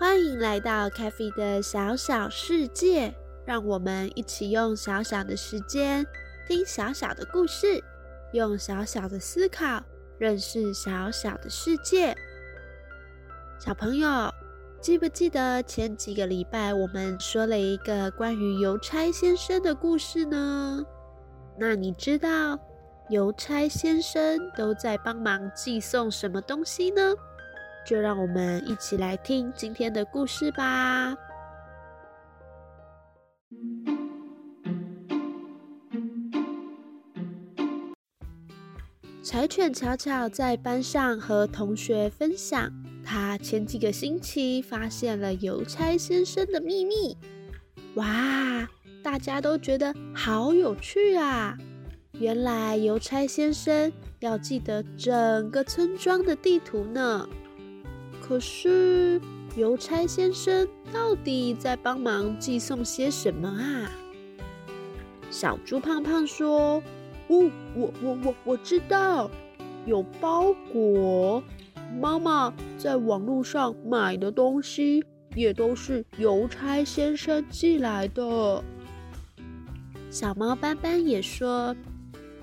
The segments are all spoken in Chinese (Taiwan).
歡迎來到 CaFi 的小小世界，讓我們一起用小小的時間聽小小的故事，用小小的思考認識小小的世界。小朋友，記不記得前幾個禮拜我們說了一個關於郵差先生的故事呢？那你知道郵差先生都在幫忙寄送什麼東西呢？就讓我們一起來聽今天的故事吧。柴犬巧巧在班上和同學分享，他前幾個星期發現了郵差先生的秘密。哇，大家都覺得好有趣啊！原來郵差先生要記得整個村莊的地圖呢。可是，郵差先生到底在幫忙寄送些什麼啊？小豬胖胖說：“哦，我我我我知道，有包裹。媽媽在網絡上買的東西也都是郵差先生寄來的。”小貓斑斑也說：“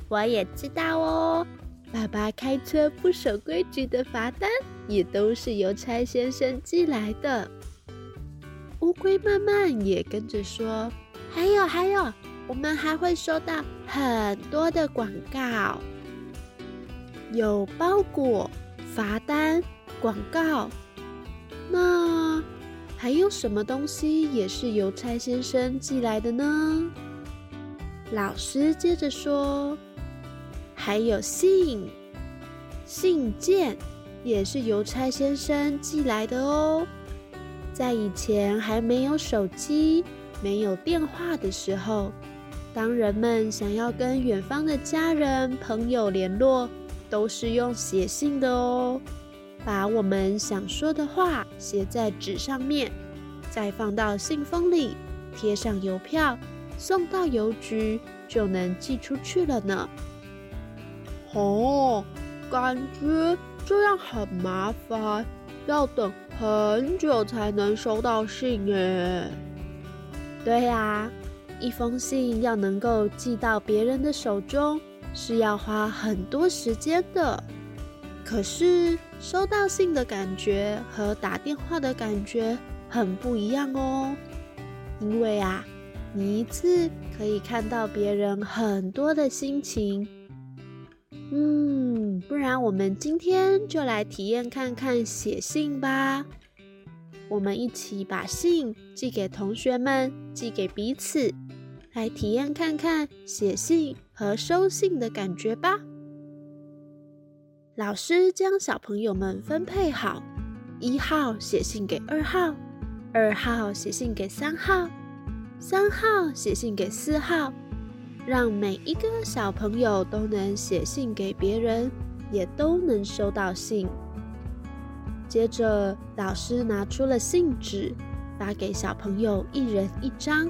我也知道哦，爸爸開車不守規矩的罰單。”也都是郵差先生寄來的。烏龜慢慢也跟着說：“還有還有，我們還會收到很多的廣告，有包裹、罰單、廣告。那還有什麼東西也是郵差先生寄來的呢？”老師接着說：“還有信，信件。”也是郵差先生寄來的哦。在以前還沒有手機、沒有電話的時候，當人們想要跟遠方的家人、朋友聯絡，都是用寫信的哦。把我們想說的話寫在紙上面，再放到信封裡，貼上郵票，送到郵局，就能寄出去了呢。哦，感覺。這樣很麻煩，要等很久才能收到信耶。對呀，一封信要能夠寄到別人的手中，是要花很多時間的。可是收到信的感覺和打電話的感覺很不一樣哦，因為啊，你一次可以看到別人很多的心情。嗯，不然我們今天就來體驗看看寫信吧。我們一起把信寄給同學們，寄給彼此，來體驗看看寫信和收信的感覺吧。老師將小朋友們分配好，一號寫信給二號，二號寫信給三號，三號寫信給四號。讓每一個小朋友都能寫信給別人，也都能收到信。接着，老師拿出了信紙，發給小朋友一人一張。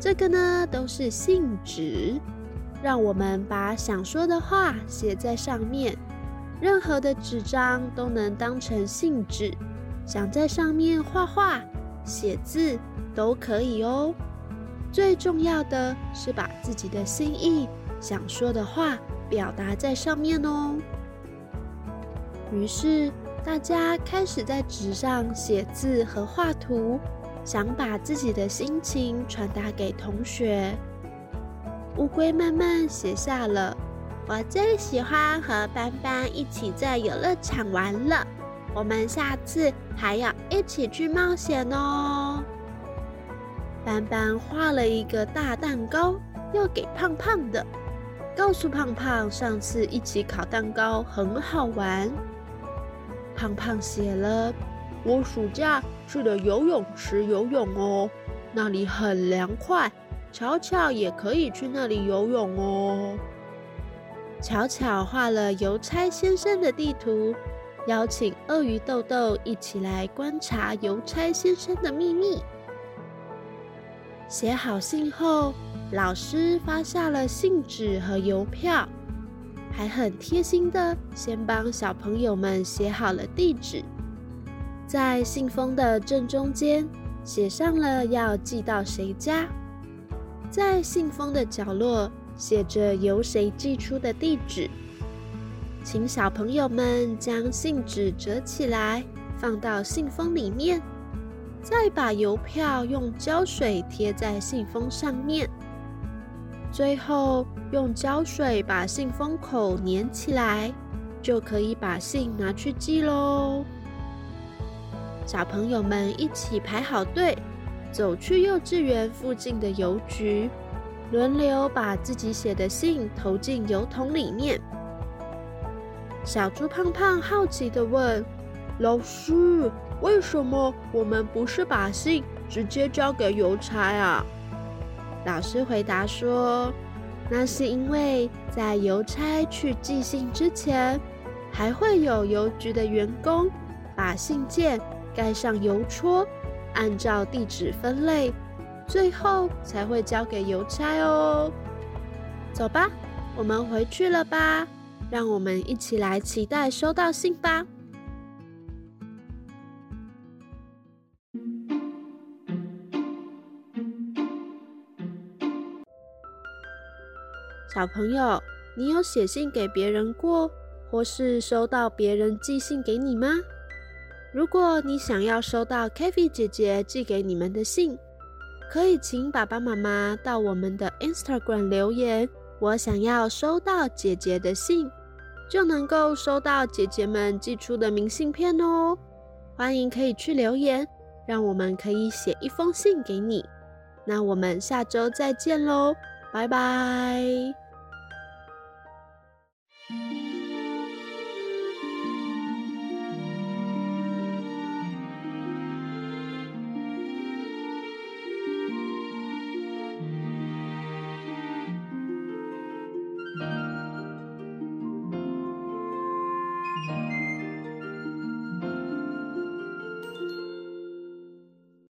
這個呢，都是信紙，讓我們把想說的話寫在上面。任何的紙張都能當成信紙，想在上面畫畫、寫字都可以哦。最重要的是把自己的心意、想說的話表達在上面哦。於是大家開始在紙上寫字和畫圖，想把自己的心情傳達給同學。烏龜慢慢寫下了：“我最喜歡和斑斑一起在遊樂場玩了，我們下次還要一起去冒險哦。”斑斑畫了一個大蛋糕，要給胖胖的。告訴胖胖，上次一起烤蛋糕很好玩。胖胖寫了：“我暑假去了游泳池游泳哦，那裡很涼快。”巧巧也可以去那裡游泳哦。巧巧畫了郵差先生的地圖，邀請鱷魚豆豆一起來觀察郵差先生的秘密。寫好信後，老師發下了信紙和郵票，還很貼心的先幫小朋友們寫好了地址，在信封的正中間寫上了要寄到誰家，在信封的角落寫着由誰寄出的地址，請小朋友們將信紙折起來，放到信封裡面。再把郵票用膠水貼在信封上面，最後用膠水把信封口粘起來，就可以把信拿去寄咯。小朋友們一起排好隊，走去幼稚園附近的郵局，輪流把自己寫的信投進郵筒裡面。小豬胖胖好奇地問老師。為什麼我們不是把信直接交給郵差啊？老師回答說：“那是因為在郵差去寄信之前，還會有郵局的員工把信件蓋上郵戳，按照地址分類，最後才會交給郵差哦。”走吧，我們回去了吧，讓我們一起來期待收到信吧。小朋友，你有寫信給別人過，或是收到別人寄信給你嗎？如果你想要收到 CaFi 姐姐寄給你們的信，可以請爸爸媽媽到我們的 Instagram 留言。我想要收到姐姐的信，就能夠收到姐姐們寄出的明信片哦。歡迎可以去留言，讓我們可以寫一封信給你。那我們下週再見嘍。拜拜。